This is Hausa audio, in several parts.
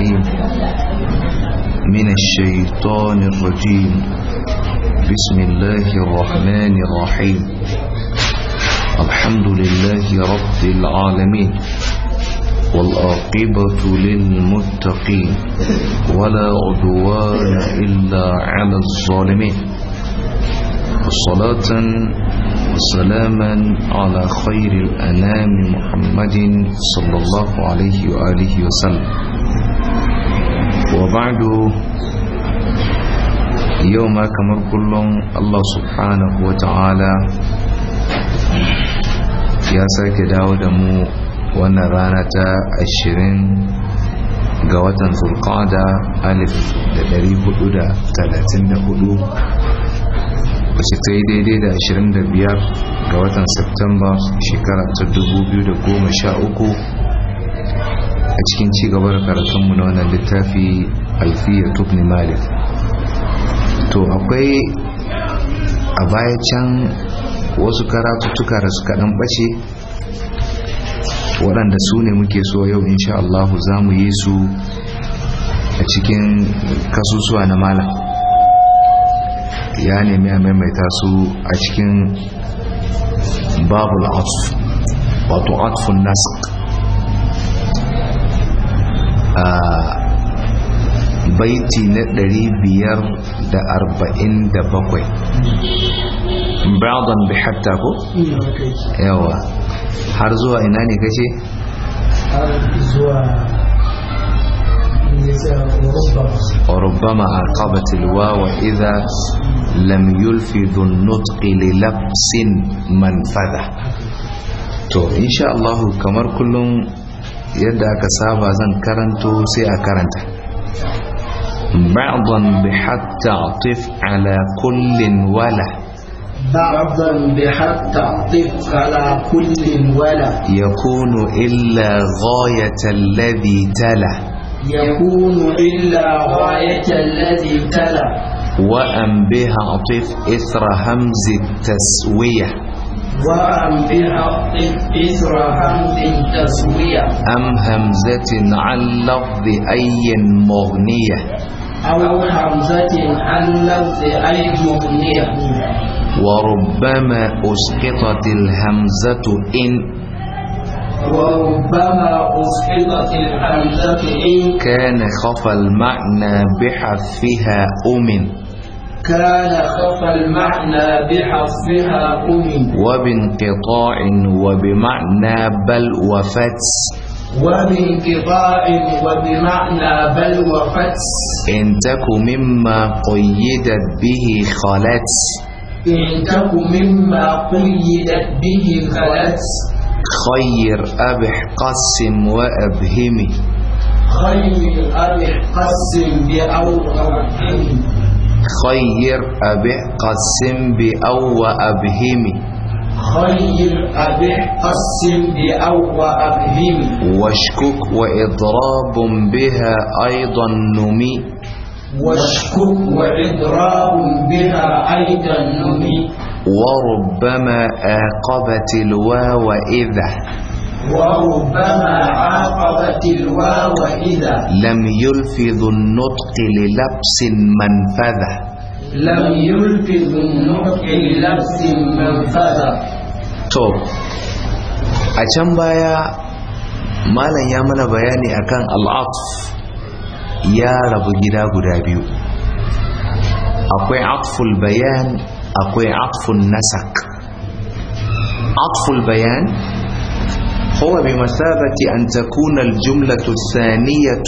العليم من الشيطان الرجيم بسم الله الرحمن الرحيم الحمد لله رب العالمين والآقبة للمتقين ولا عدوان إلا على الظالمين صلاة وسلاما على خير الأنام محمد صلى الله عليه وآله وسلم yau وبعد يوم كمر كلهم الله سبحانه وتعالى ya sake dawo da mu wannan rana ta ashirin ga watan zulqada alif da dari hudu da talatin da hudu wacce ta yi daidai da ashirin da biyar ga watan septemba shekara ta dubu biyu da goma sha uku a cikin cigaba da karatunmu na wannan littafi alfiya tubni malik to akwai a baya can wasu karatuttuka da suka dan bace waɗanda su ne muke so yau insha Allah za mu yi su a cikin kasusuwa na malam ya nemi a maimaita su a cikin babul atf wato atfun nasq ah, baiti na 547 ba'dan bi hatta ko yawa har zuwa ina ne kace zuwa وربما عقبت الواو إذا لم يلفظ النطق للبس منفذة to insha'allahu kamar kullum yadda aka saba zan karanto sai a karanta بعضا بحتى تعطف على كل ولا بعضا بحتى تعطف على كل ولا يكون إلا غاية الذي تلا يكون إلا غاية الذي تلا وأم بها عطف إثر همز التسوية وأم همز تسوية أم همزة عن لفظ أي مغنية أو همزة عن لفظ أي مغنية وربما أسقطت الهمزة إن وربما أسقطت الهمزة إن كان خفى المعنى بحذفها أمن كان خف المعنى بحصها قم وبانقطاع وبمعنى بل وفتس وبانقطاع وبمعنى بل وفتس إن تك مما قيدت به خلت إن تك مما قيدت به خلت خير أبح قسم وأبهمي خير أبح قسم بأوهمي خير أبيع قسم بأو وأبهمي خير أبيع قسم بأو وأبهمي واشكك وإضراب بها أيضا نمي واشكك وإضراب بها أيضا نمي وربما آقبت الواو إذا وربما عاقبت الواو إذا لم يلفظ النطق للبس منفذة لم يلفظ النطق للبس منفذة توب أجن بايا ما لن يعمل بياني أكان العطف يا رب جدا دابيو أقوى عطف البيان أقوى عطف النسك عطف البيان هو بمثابة أن تكون الجملة الثانية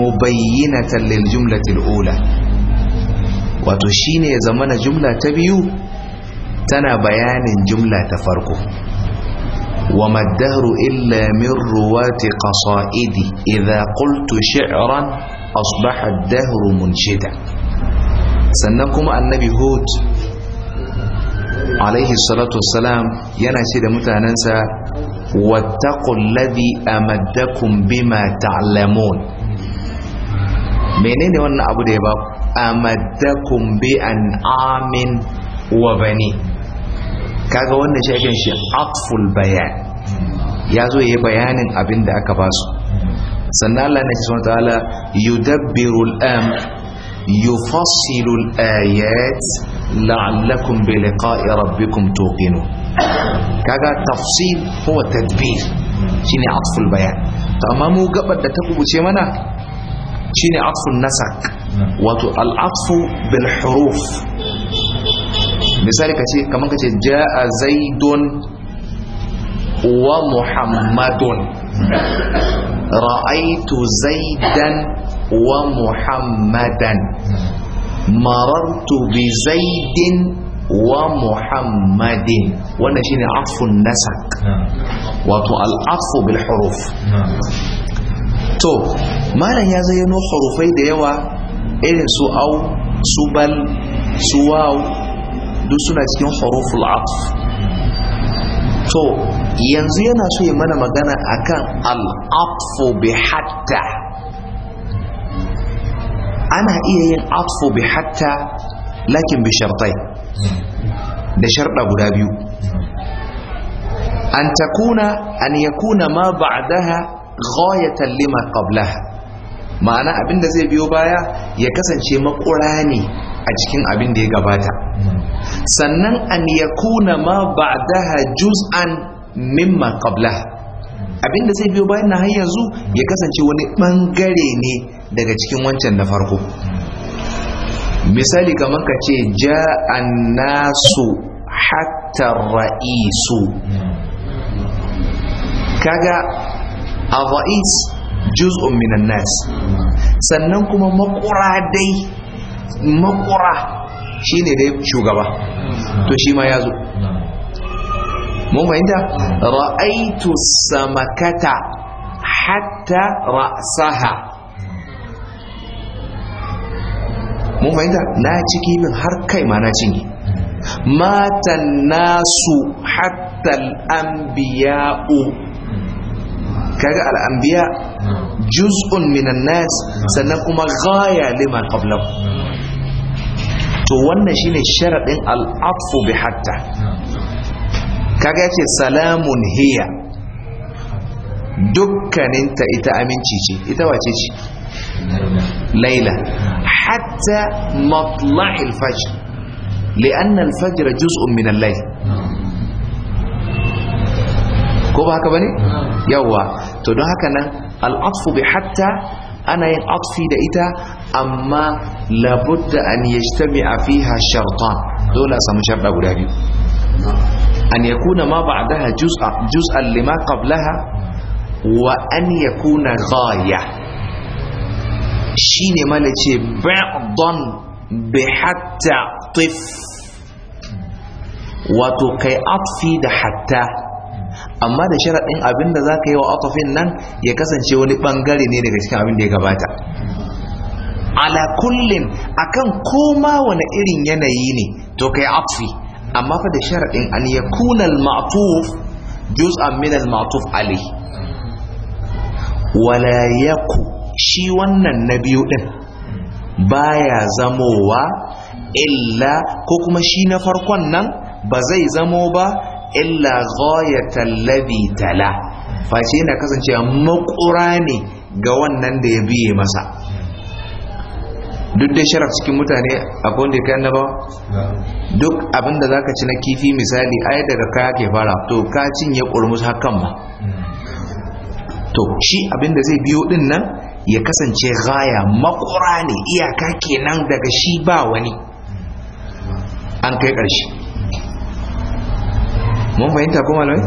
مبينة للجملة الأولى وتشين يزمن جملة تبيو تنا بيان جملة تفرقه وما الدهر إلا من رواة قصائدي إذا قلت شعرا أصبح الدهر منشدا سنكم النبي هود alaihi salatu wassalam yana ce da mutanensa wattaqul ladhi amaddakum bima ta'lamun menene wannan abu da ya ba amaddakum bi an'amin wa bani kaga wannan shi ake shi atful bayan ya zo yayi bayanin abin da aka basu sannan Allah ne subhanahu wa ta'ala yudabbiru al-amr yufassilu al-ayat la'allakum bi liqa'i rabbikum tuqinu kaga tafsil huwa tadbir shine atful bayan to amma mu gabar da ta kubuce mana shine atful nasak wato al'atfu bil huruf misali kace kaman kace jaa zaidun wa muhammadun ra'aitu zaidan wa muhammadan marartu bi zaidin wa muhammadin wannan shine afun nasak wato al'afu bil huruf to malam ya zayyano hurufai da yawa irin su au su bal su waw duk suna cikin huruful atf to yanzu yana so ya mana magana akan al'afu bi hatta ana iya yin atfu bi hatta lakin bi shartai da sharda guda biyu an takuna an yakuna ma ba'daha ghayatan lima qablaha ma'ana abin da zai biyo baya ya kasance makura a cikin abin da ya gabata sannan an yakuna ma ba'daha juz'an mimma qablaha abinda zai biyo bayan na har yanzu ya kasance wani bangare ne daga cikin wancan na farko misali kamar ka ce ja'an nasu hatta ra'isu kaga a ra'is juz'un minan nas sannan kuma makura dai makura shine dai shugaba to shi ma ya mun fahimta ra'aitu samakata hatta ra'saha mun fahimta na ciki min har kai ma na cinye matan nasu hatta al'ambiya'u kaga al'ambiya juz'un minan nas sannan kuma ghaya liman qablahu to wannan shine sharadin al'afu bi hatta kaga yace salamun hiya dukkaninta ita aminci ce ita wace ce laila hatta matla'il fajr li'anna al-fajr juz'un min al-layl ko ba haka bane yawa to don haka nan al-atfu bi hatta ana yin atfi da ita amma labudda an yajtami'a fiha shartan dole a samu sharda guda biyu an yakuna ma ba'daha juz'a juz'an lima qablaha wa an yakuna ghaya shine malace ba'dan bi hatta tif wato kai atfi da hatta amma da sharaɗin abin da za ka yi wa nan ya kasance wani ɓangare ne daga cikin abin da ya gabata ala kullin akan koma wani irin yanayi ne to kai atfi amma fa da sharaɗin an ya kuna al-ma'tuf juz'an min al-ma'tuf alai shi wannan na biyu din baya zamowa illa ko kuma shi na farkon nan ba zai zamo ba illa zoya ladhi tala Fashe yana kasancewa makura ne ga wannan da ya biye masa duk dai sharaf cikin mutane akwai wanda ya na annabawa duk abinda za ka ci na kifi misali ai daga kaya ke fara to ka cinye ƙurmus hakan ma hmm. to shi abinda zai biyo din nan ya kasance gaya makura ne iyaka kenan daga shi ba wani hmm. an kai ƙarshe mun fahimta kuma lai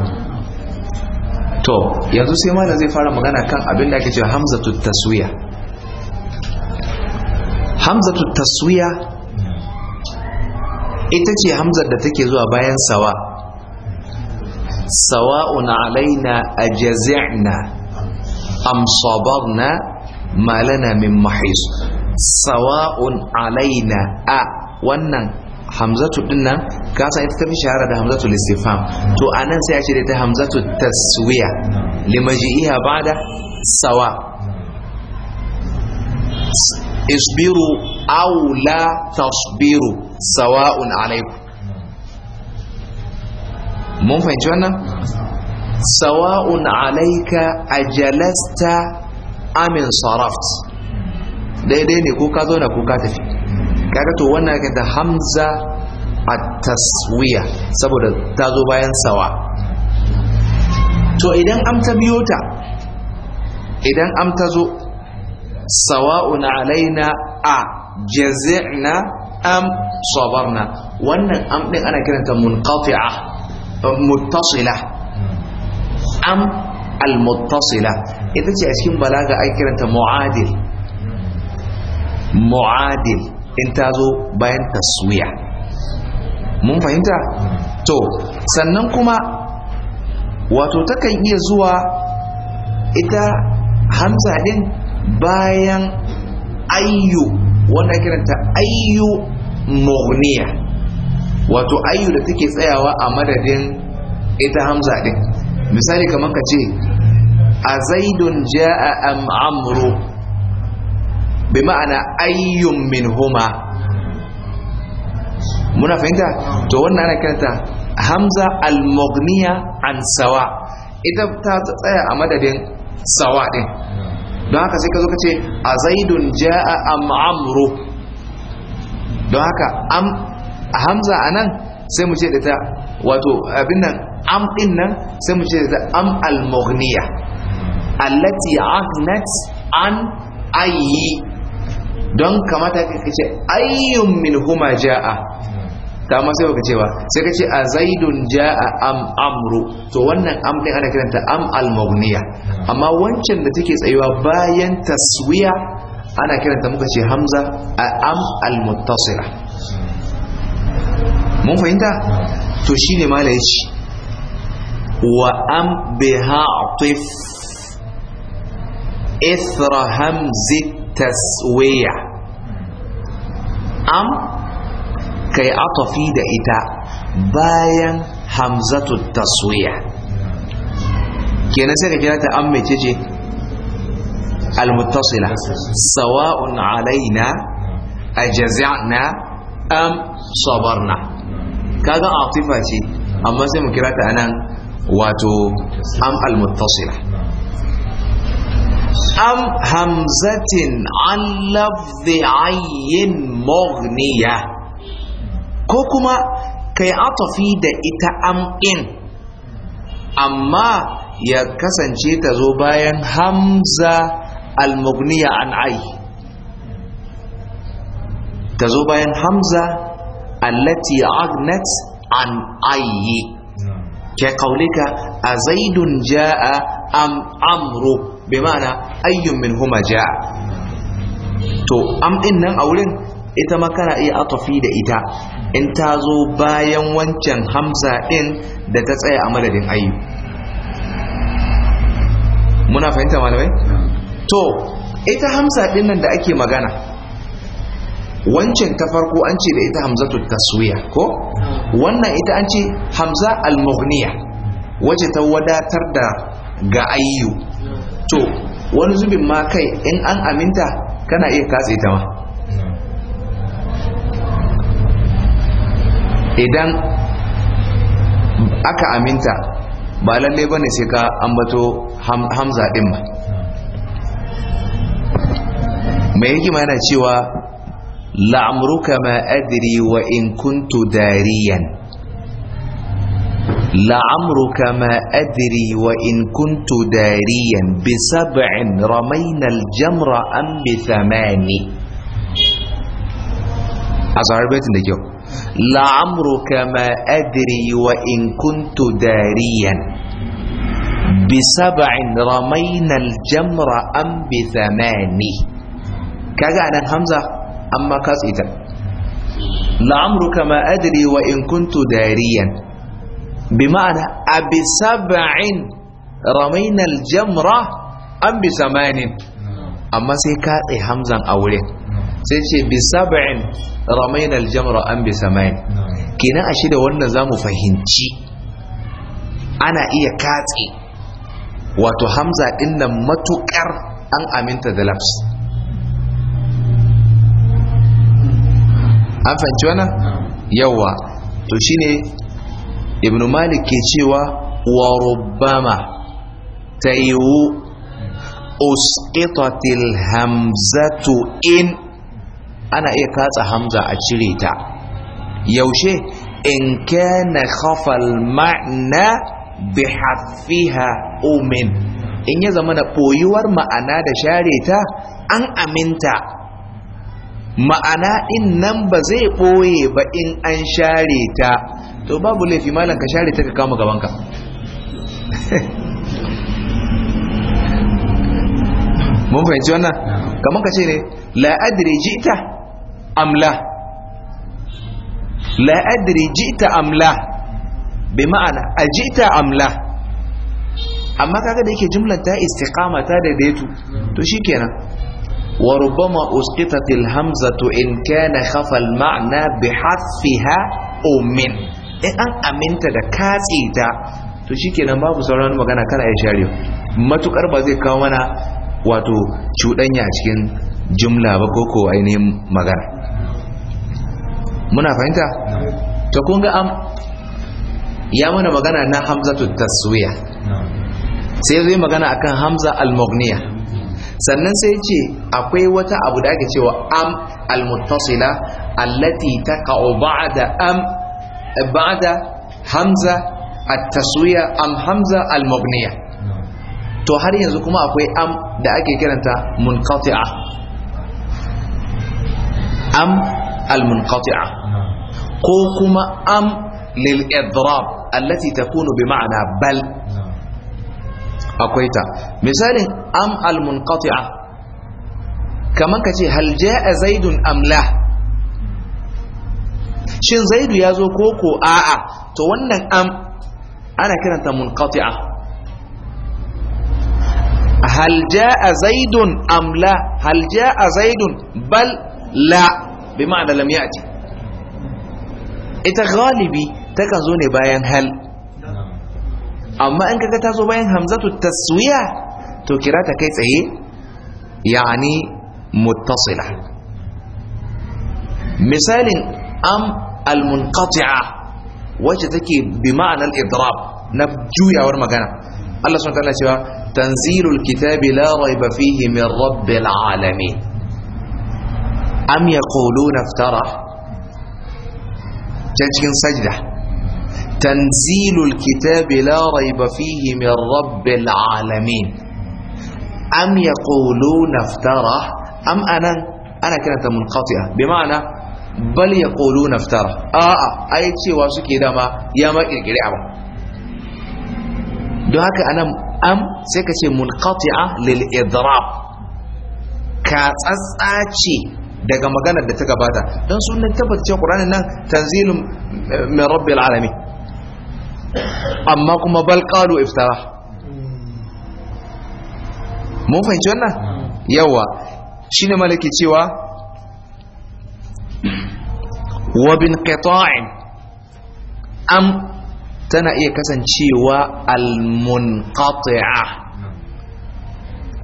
to yanzu sai malam zai fara magana kan abinda da ake cewa hamza taswiya hamzatu taswiya ita ce hamzar da take zuwa bayan sawa sawa'un alaina a am sabarna na min mahis sawa'un alaina a wannan hamzatu dinnan ka san ita tafi shahara da hamzatu listifam to anan sai a ce ta hamzatu taswiya limaji'iha ba'da sawa isbiru aw la tasbiru sawa'un alaikum mun fahimci wannan sawa'un alayka ajalasta amin saraft daidai ne ko ka zauna ko ka tafi kaga to wannan yake da hamza a taswiya saboda ta zo bayan sawa to idan am ta biyo ta idan am ta zo sawa'un alaina a jazi'na am sabarna wannan am din ana kiranta munqati'a muttasila am al ita ce a cikin balaga ai kiranta mu'adil mu'adil in ta zo bayan taswiya mun fahimta to sannan kuma wato takan iya zuwa ita hamza din bayan ayyu wanda ake kiranta ayyu mughniya wato ayyu da take tsayawa a madadin ita hamza din misali kamar ka ce a zaidun ja'a am amru bi ma'ana ayyun min huma muna fahimta to wannan ana kiranta hamza al-mughniya an sawa ita ta tsaya a madadin sawa din don haka sai ka zo ka ce a zaidun ja'a am don haka am hamza a nan sai mu ce da ta wato abin nan am din nan sai mu ce da ta am al-mughniya allati ahnat an ayi don kamata ka ce ayyun min huma ja'a da amma sai baka ba sai ka ce a zaidun ja'a am amru to wannan am din ana kiranta am al maghniya amma wancan da take tsayuwa bayan taswiya ana kiranta muka ce hamza a am al muttasila mun fahimta to shine malai shi wa am biha atif ithra hamzi taswiya am كي أطفي دا إتا بايا همزة التصويع كي نسيك كي نتا أمي تجي المتصلة سواء علينا أجزعنا أم صبرنا كذا أعطفتي أما سيمكرات أنا واتو أم المتصلة أم همزة عن لفظ عين مغنيه ko kuma ka yi atafi da ita am'in amma ya kasance ta zo bayan hamza al-mugniya an ai ta zo bayan hamza allati agnat an ayi ke kaulika a zaidun ja'a am amru bi ma'ana ayyun min huma ja'a to am din nan a wurin ita ma kana iya atafi da ita in ta zo bayan wancan hamza ɗin da ta tsaya a madadin ayyu muna fahimta malamai to ita hamza ɗin nan da ake magana wancan ta farko an ce da ita Hamza taswiya ko wannan ita an ce hamza al-mughniya wace ta wadatar da ga ayyu to wani zubin ma kai in an aminta kana iya katse ta ma idan aka aminta ba lalle ne sai ka ambato hamza din ba mai hikima yana cewa la'amruka ma adiri wa in kuntu dariyan la'amruka ma adri wa in kuntu dariyan bi sab'in jamra bi thamani a da kyau لعمرك ما أدري وإن كنت داريا بسبع رمينا الجمر أم بثماني كذا أنا همزة أما كاسئتا لعمرك ما أدري وإن كنت داريا بمعنى أبسبع رمينا الجمرة أم بثمان أما سيكاقي إيه همزة أولين sai ce bi sab'in ramaina aljamra an bi samain kina a shida wannan zamu fahimci ana iya katse wato hamza din nan matukar an aminta da labs an fahimci wannan yawa to shine ibnu malik ke cewa wa rubbama tayu usqitatil hamzatu in ana iya katsa hamza a cire ta yaushe in kana khafal ma'na bi hafiha umin in ya zama na boyuwar ma'ana da share ta an aminta ma'ana in nan ba zai boye ba in an share ta to babu laifi malam ka share ta ka kama gabanka mun fahimci wannan kamar ka ce ne la adri jita amla la adri jita amla bi ma'ana a amla amma kaga da yake jumlar ta istiqama ta daidaitu to shikenan wa rubbama usqitatil hamzatu in kana khafa al ma'na bi hasfiha ummin in an aminta da katsi ta to kenan babu sauran magana kana ya share matukar ba zai kawo mana wato cuɗanya cikin jumla ba ko ko ainihin magana muna fahimta to kun ga am ya mana magana na hamzatu taswiya sai zai magana akan hamza al-mughniya sannan sai ce akwai wata abu da ake cewa am al-muttasila allati taqa'u ba'da am ba'da hamza at-taswiya am hamza al-mughniya to har yanzu kuma akwai am da ake kiranta munqati'a am al-munqati'a ko kuma am lil idrab allati takunu bi ma'ana bal akwai ta misalin am al munqati'a kaman kace hal jaa zaidun am la shin zaidu yazo ko ko a'a to wannan am ana kiranta munqati'a hal jaa zaidun am la hal jaa zaidun bal la bi ma'ana lam ya'ti ita galibi takan zo ne bayan hal amma in kaga ta zo bayan hamzatu taswiya to kira ta kai tsaye yani muttasila misalin am almunqati'a wacce take bi ma'ana al idrab na juyawar magana Allah sun kalla cewa tanzilul kitabi la raiba fihi min rabbil alamin am yaquluna iftara can cikin sajda tanzilul kitabi la raiba fihi min rabbil alamin am yaquluna iftara am anan ana kiranta munqati'a bi ma'ana bal yaquluna iftara a'a ai cewa suke dama ya ma kirkire abin don haka anan am sai ka ce munqati'a lil idrab ka tsatsace daga maganar da ta gabata don sunan tabbacin ƙuranin nan tanzilun eh, min rabbil alami amma kuma bal qalu iftara mun fahimci wannan yawa shine malaki cewa wa bin qita'in am tana iya kasancewa al-munqati'a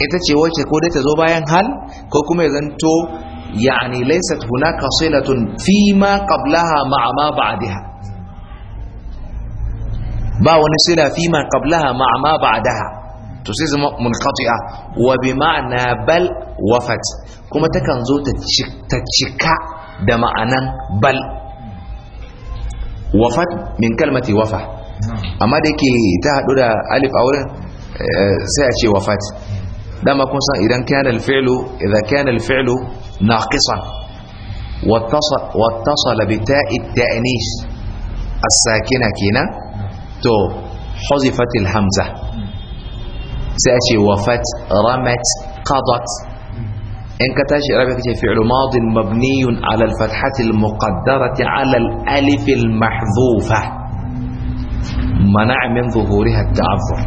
ita ce wacce ko dai ta zo bayan hal ko kuma ya zanto يعني ليست هناك صلة فيما قبلها مع ما بعدها با ونسلة فيما قبلها مع ما بعدها تسيز منقطعة وبمعنى بل وفت كما تكنزو تتشكى دمعنا بل وفت من كلمة وفة أما ديكي تهدو دا ألف أولا سيأتي وفت دما كنسا إذا كان الفعل إذا كان الفعل ناقصا واتصل واتصل بتاء التأنيث الساكنة كنا تو حذفت الهمزة سأتي وفت رمت قضت إن كتاشي ربك فعل ماض مبني على الفتحة المقدرة على الألف المحذوفة منع من ظهورها التعذر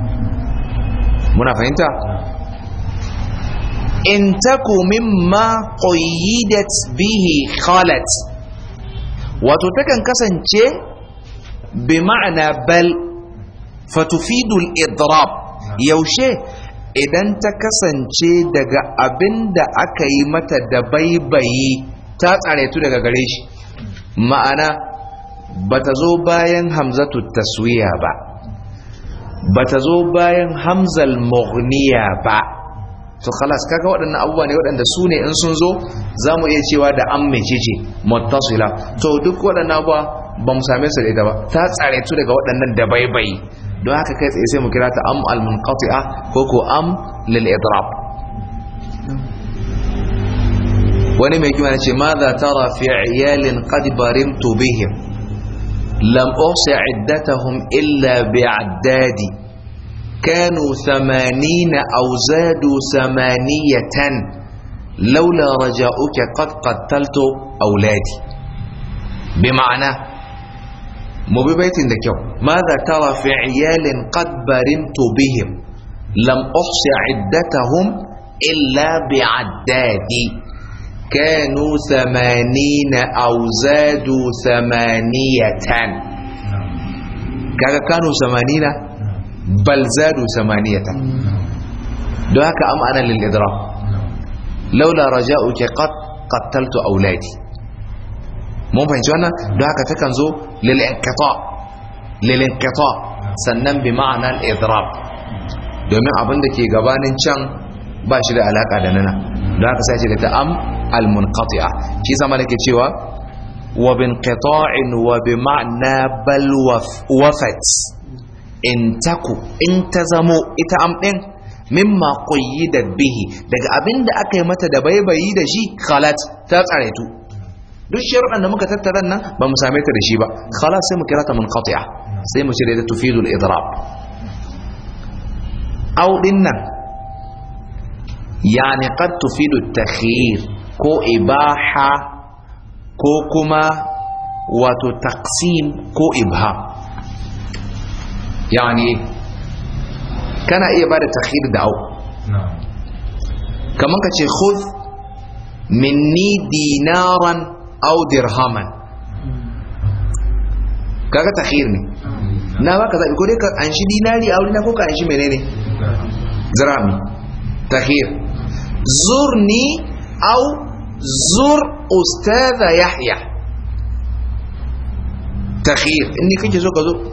منا فهمت؟ in taku mimma qayyidat bihi khalat wato takan kasance bi ma'ana bal fatufidu al-idrab yaushe idan ta kasance daga abin da aka yi mata da baibayi ta tsaretu daga gare shi ma'ana ba ta zo bayan hamzatu taswiya ba ba ta zo bayan hamzal mughniya ba to khalas kaga waɗannan abubuwa ne waɗanda su ne in sun zo za mu iya cewa da an mece ce muttasila to duk waɗannan abubuwa ba mu same su da ba ta tsare tu daga waɗannan da baibai don haka kai tsaye sai mu kira ta am al munqati'a ko ko am lil idrab wani mai kima ce madha tara fi iyalin qad barimtu bihim lam usi iddatahum illa bi addadi كانوا ثمانين أو زادوا ثمانية لولا رجاؤك قد قتلت أولادي بمعنى مو ببيت دكيو ماذا ترى في عيال قد برمت بهم لم أحصي عدتهم إلا بعدادي كانوا ثمانين أو زادوا ثمانية كانوا ثمانين bal zadu samaniyata don haka am ana lil idrak laula raja'uka qad qattaltu auladi mun fahimci wannan don haka takan zo lil inqita lil sannan bi ma'ana al domin abinda da ke gabanin can ba shi da alaka da nana don haka sai ce ta am al munqati'a shi sama nake cewa wa bin qita'in wa bi ma'na bal wafat in taku in ta zamo ita am ɗin mimma da bihi daga abin da aka yi mata da baibayi da shi khalat ta tsaraitu duk sharuɗan da muka tattara nan ba mu same ta da shi ba khalat sai mu kira ta munqati'a sai mu shirya da tufidul idrab aw din nan yani qad tufidu takhir ko ibaha ko kuma wato taqsim ko ibham يعني كان اي بعد تاخير دعوه نعم كما كتشي خذ مني دينارا او درهما كاكا تاخيرني نعم. نعم كذا يقول لك انشي ديناري او لنكوك انشي منيني زرامي تاخير زرني او زر استاذ يحيى تاخير اني كنت زوكا زو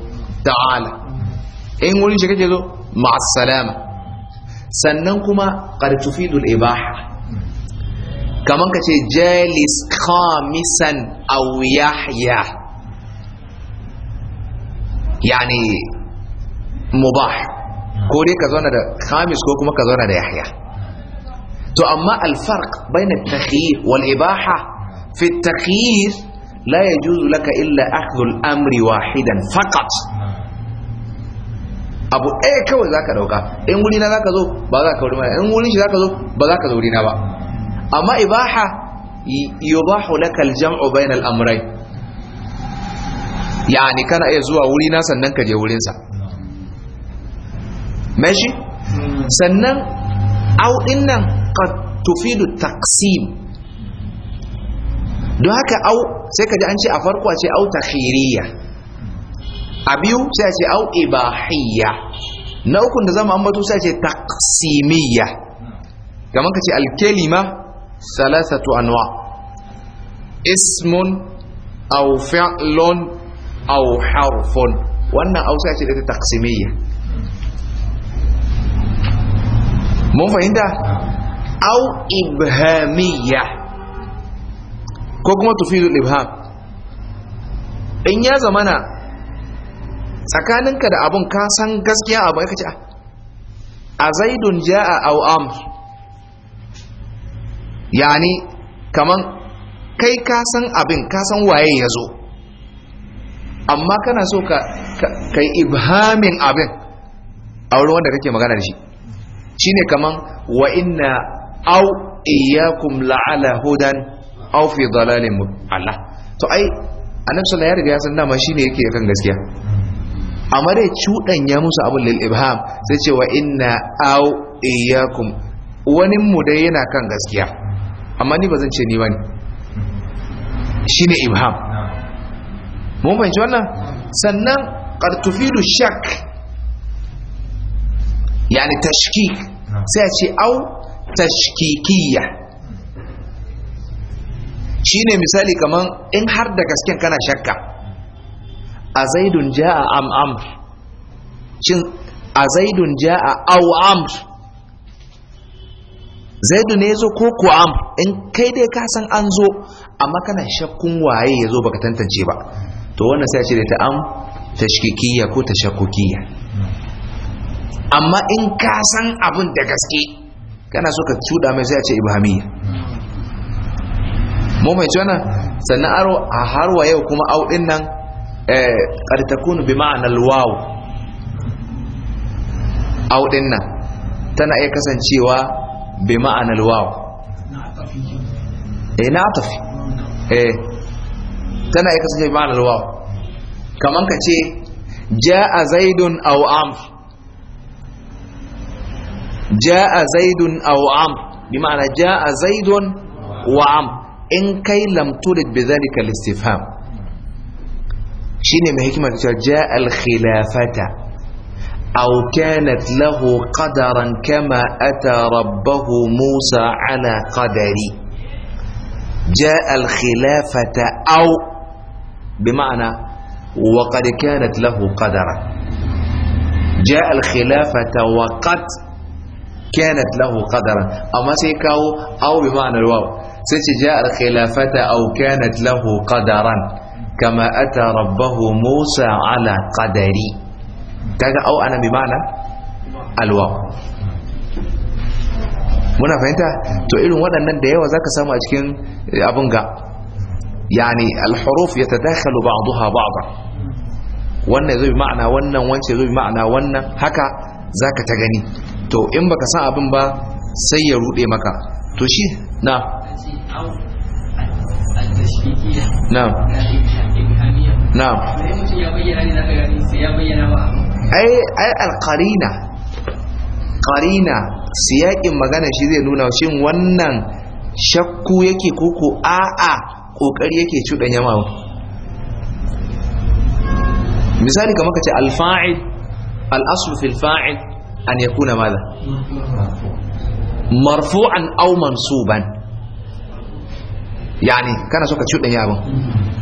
تعالى in wurin shi kake zo ma'assalama sannan kuma qartufidul ibaha kaman ka ce jalis khamisan aw yahya yani mubah ko dai ka zauna da khamis ko kuma ka zauna da yahya to amma alfarq bayna at-takhyir wal ibaha fi at-takhyir la yajuzu laka illa akhdhu al-amri wahidan faqat abu ɗaya kawai za ka dauka in wuri na ka zo ba za ka wuri mana in wurin shi za ka zo ba za ka zo wuri na ba amma ibaha yubahu laka al-jam'u bayna al'amurai, ya yani kana iya zuwa wuri na sannan ka je wurin sa shi? sannan au nan nan tufi da taksim, don haka au sai ka ji an ce a farko a ce au ta takhiriyya a biyu sai a ce au ibahiyya na ukun da zama ambato sai a ce taqsimiyya kamar ka ce alkalima salasatu anwa ismun au fi'lun au harfun wannan au sai a ce da mun fahimta au ibhamiyya ko kuma tufidul ibham in ya zamana tsakaninka da abun ka san gaskiya abu ka kace ah, a zaidun ja'a aw amr yani kaman kai ka san abin ka san waye ya zo amma kana so ka kai ibhamin abin a wurin wanda kake magana da shi shine kaman wa inna au iyyakum la'ala hudan aw fi dalalin Allah to ai annabi sallallahu alaihi wasallam ya riga ya san dama shine yake kan gaskiya amma dai ya musu abin lil'ibham ibham sai cewa ina au iyakum wani mu dai yana kan gaskiya amma ni ba zan ce ni Shi ne ibham mun fahimci wannan sannan qad shak yani tashkik sai a ce au tashkikiyya ne misali kamar in har da gasken kana shakka a ja'a am amr shin azaidun ja'a aw amr zaidu ne yazo ko ko amr in kai dai ka san an zo amma kana shakkun waye yazo baka tantance ba to wannan sai ce da ta am tashkikiyya ko tashakkukiyya amma in ka san abin da gaske kana so ka cuda mai sai a ce ibhamiyya mu mai wannan sannan aro a harwa yau kuma au din nan Eh, ta kunu bi ma'anar waw aw dinnan tana iya kasancewa bi ma'anar waw eh na tafi. eh tana iya kasancewa bi ma'anar waw kaman ka ce ja'a zaidun aw amr ja'a zaidun aw am bi ma'ana ja'a zaidun wa am in kai lam tulid bi zalika al-istifham شين ما هيك ما جاء الخلافة أو كانت له قدرا كما أتى ربه موسى على قدري جاء الخلافة أو بمعنى وقد كانت له قدرا جاء الخلافة وقد كانت له قدرا أما سيكاو أو بمعنى الواو سيجاء الخلافة أو كانت له قدرا kama ata rabbahu musa ala qadari kaga au ana bi ma'ana alwa muna fahimta to irin waɗannan da yawa zaka samu a cikin abin ga yani al-huruf yatadakhalu ba'daha ba'dha wannan zai bi ma'ana wannan wance zai bi ma'ana wannan haka zaka ta gani to in baka san abin ba sai ya rude maka to shi na na'am na'am ai ai alqarina qarina siyakin magana shi zai nuna shin wannan shakku yake koko a'a kokari yake cuɗanya mawa misali kamar ka ce alfa'il al'asu fil fa'il an yakuna madha marfu'an aw mansuban yani kana so ka ci ba. yawon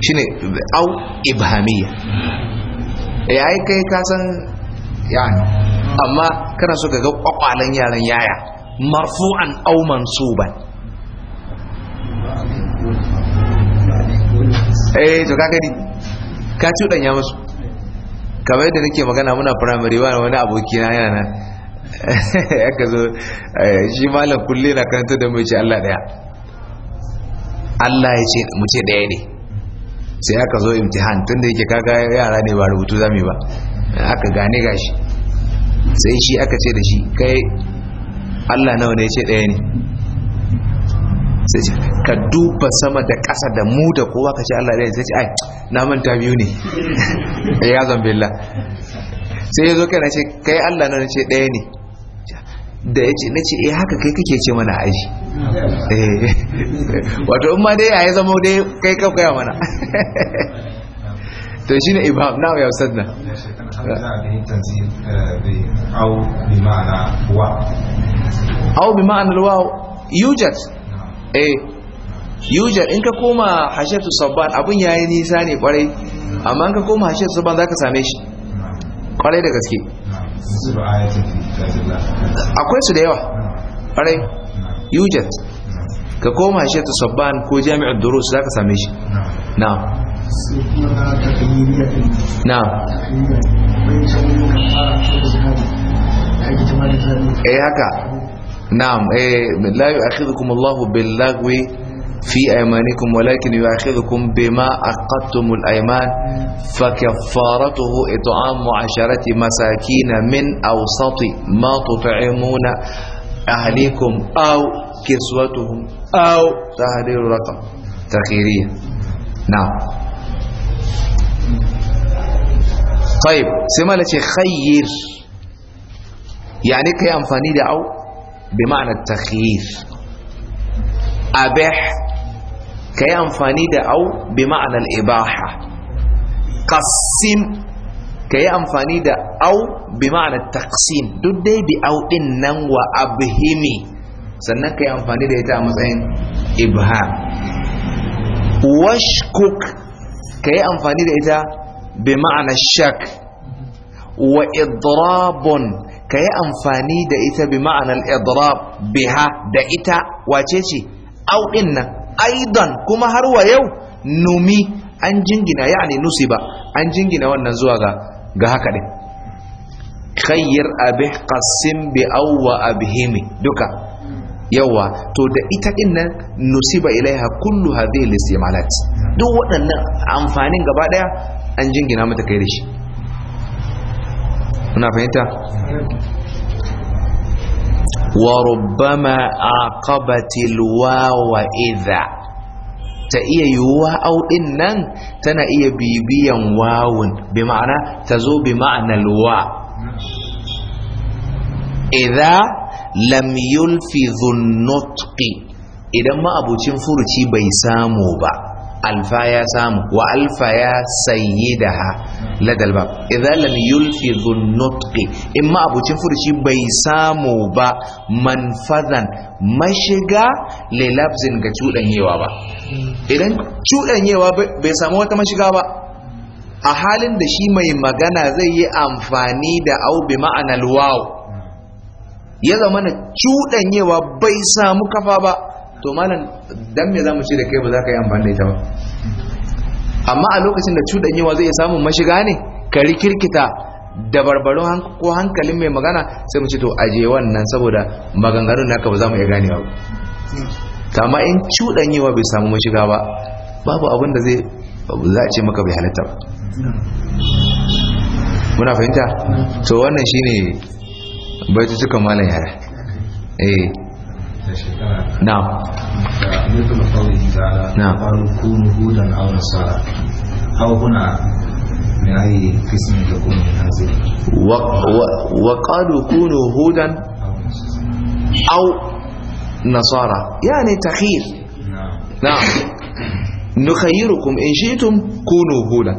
shine au ibhamiyya yayi eh, kai ka san yani amma kana so ka ga kwakwalen yaran yaya marfu'an au mansuban eh to ka gani ka ci ya musu kamar yadda nake magana muna primary ba wani aboki na yana nan aka zo eh, shi malam kulle na karanta da mai ce Allah daya Allah ya ce mu ce ɗaya ne sai aka zo imtihan tun da yake kaga yara ne ba rubutu zamu ba aka gane gashi sai shi aka ce da shi kai Allah nawa ne ya ce ɗaya ne sai ce ka duba sama da ƙasa da mu da kowa ka ce Allah ɗaya sai ce ai na manta biyu ne ya zambilla sai ya zo kana ce kai Allah nawa ne ya ce ɗaya ne da ya ce na ce eh haka kai kake ce mana aji eh. wato in ma dai ya zama dai kai ka kai mana to shi ne ibam na ya sadna au bi ma'ana alwaw yujat. eh yujat in ka koma hashatu sabban abun yayi nisa ne kwarai amma in ka koma hashatu sabban zaka same shi kwarai da gaske akwai su da yawa ƙwarai yujet ka koma shi ta sabban ko jami'ar durus za ka same shi na na eh haka na'am eh la yu'akhidhukum Allahu bil lagwi في أيمانكم ولكن يؤاخذكم بما عقدتم الأيمان فكفارته إطعام عشرة مساكين من أوسط ما تطعمون أهليكم أو كسوتهم أو تهدير رقم تخيرية نعم طيب سمالة خير يعني كي أنفاني دعو بمعنى التخيير أبح ka yi amfani da au bi ma'anar ibaha qasim ka yi amfani da au bi ma'anar taqsim duk dai bi au din nan wa abhimi sannan ka yi amfani da ita a matsayin ibha washkuk ka yi amfani da ita bi ma'anar shak wa idrabun ka yi amfani da ita bi ma'anar idrab biha da ita wace ce au din nan aidan kuma har wa yau numi an jingina nusi nusiba an jingina wannan zuwa ga ga haka ne khayyir abih qasim bi awwa abihimi duka yawa to da ita din nan nusiba ilaiha kullu hadhihi al-istimalat duk waɗannan amfanin gaba ɗaya an jingina mata kai da shi muna fahimta وربما عاقبت الواو إذا ta iya yiwuwa au ɗin nan tana iya bibiyan wawun bi ma'ana ta zo bi lam yulfi idan ma'abucin furuci bai samu ba alfa ya samu wa alfa ya ha? ladal ladalba idan lam yulfi in ma abucin furuci bai samu ba manfadan mashiga li labzin ga cudanyewa ba idan cudanyewa bai samu wata mashiga ba a halin da shi mai magana zai yi amfani da au bi ma'anal waw ya zama na cudanyewa bai samu kafa ba to malam dan me zamu ce da kai ba za ka yi amfani da ita ba amma a lokacin da cuɗanyewa zai samu mashiga ne ka rikirkita da barbaro ko hankalin mai magana sai mu ce to aje wannan saboda maganganun naka ba za mu iya gane ba amma in cuɗanyewa bai samu mashiga ba babu abin da zai za a ce maka bai halatta ba muna fahimta to wannan shine cika malam yara eh نعم مثل قوله تعالى نعم قالوا كونوا هودا او نصارى او هنا من اي قسم تكون من هذه وقالوا كونوا هودا او نصارى يعني تخير نعم, نعم. نخيركم إن شئتم كونوا هودا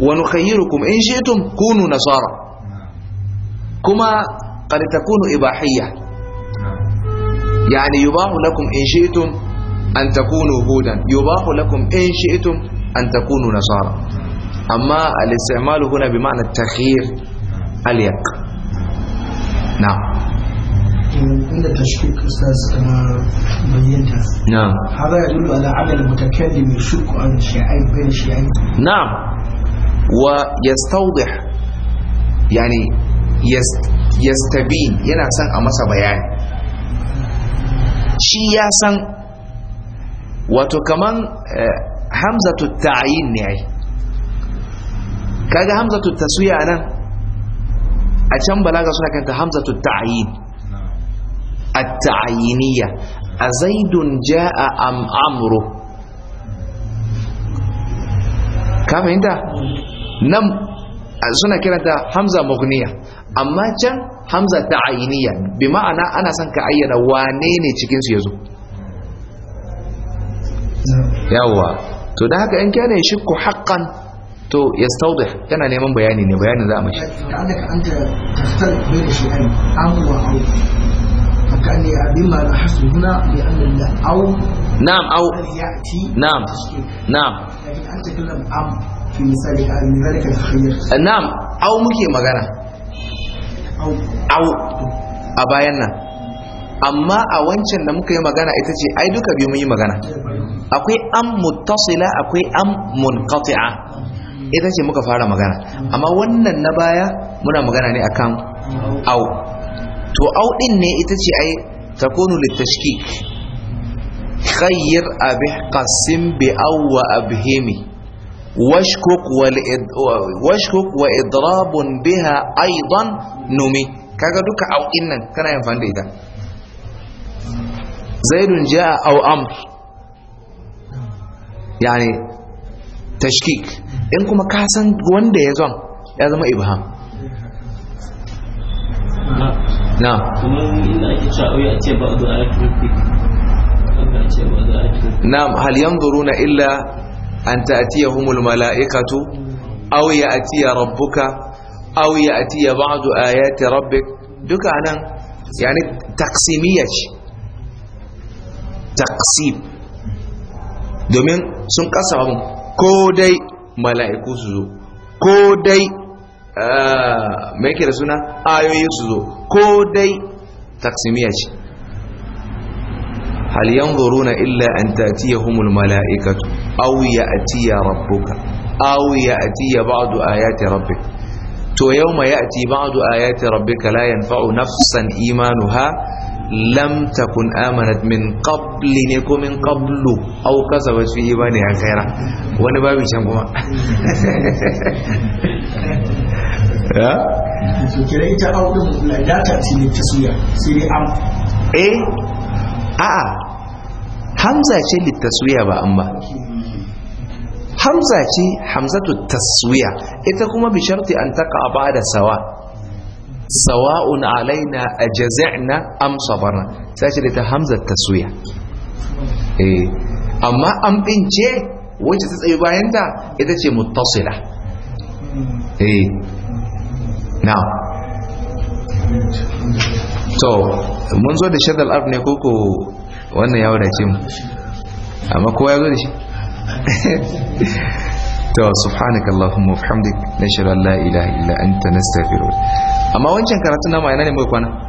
ونخيركم إن شئتم كونوا نصارى كما قد تكون إباحية يعني يباح لكم إن شئتم أن تكونوا هودا يباح لكم إن شئتم أن تكونوا نصارى أما الاستعمال هنا بمعنى التخيير اليق نعم عند التشكيك أستاذ كما بينت نعم هذا يدل على عدم المتكلم يشك عن الشيئين بين الشيئين نعم ويستوضح يعني يست يستبين ينا سن أمس بيان shi ya san wato kaman eh, hamzatu ta'ayin ne ai kaga hamzatu taswiya nan a can balaga suna kanta hamzatu ta'ayin at-ta'ayiniya azaidun jaa am amru ka fahimta nan suna kiranta hamza mughniya amma can hamza ta ainiya bi ma'ana ana son ka ayyana wane ne cikinsu ya zo. yawa to da haka in shi ku haƙan, to yastawdih kana neman bayani ne bayanin za mu shi annaka anta tastar bi shay'in wa au muke magana au a bayan nan amma a wancan da muka yi magana ita ce ai duka biyu mun yi magana akwai am muttasila akwai am munqati'a ita ce muka fara magana amma wannan na baya muna magana ne akan au to au din ne ita ce ai takunu litashkik khayr abih qasim bi aw wa abhimi wa idrab biha aidan nome kaga duka au’in nan kana yin fanda ita zaidun ja'a au amr yani tashkik in kuma ka san wanda ya zon ya zama ibham na na'am hal yanzuruna illa an ta'tiyahumul mala'ikatu aw ya'tiya rabbuka aw ya ba'du ayati rabbik duka nan yani taksimiyya ce domin sun kasa abin ko dai mala'iku su zo ko dai mai yake da suna ayoyi su zo ko dai taksimiyya ce hal yanzuruna illa an tatiyahumul mala'ikatu aw ya'tiya rabbuka aw ya ba'du ayati rabbik to yawma ya'ti ba'du ayati rabbika la yanfa'u nafsan imanuha lam takun amanat min qabli ne ko min qablu aw kasabat fi imaniha khaira wani babu shan kuma ya to kira ita aw din ce eh a'a hamza ce littasuya ba an ba hamza ce hamzatu taswiya ita kuma bi sharti an taka a bada sawa sawa'un alaina a jazi'na am sabarna sai ce da ta hamzar taswiya eh amma an bince ce wacce ta tsaye bayan da ita ce muttasila eh na to mun zo da shaddal arf ne koko wannan ya wadace mu amma kowa ya zo da shi to allahumma wa bihamdik nashhadu an la ilaha illa anta nastaghfiruka amma wancan karatun na ma ina ne muka kwana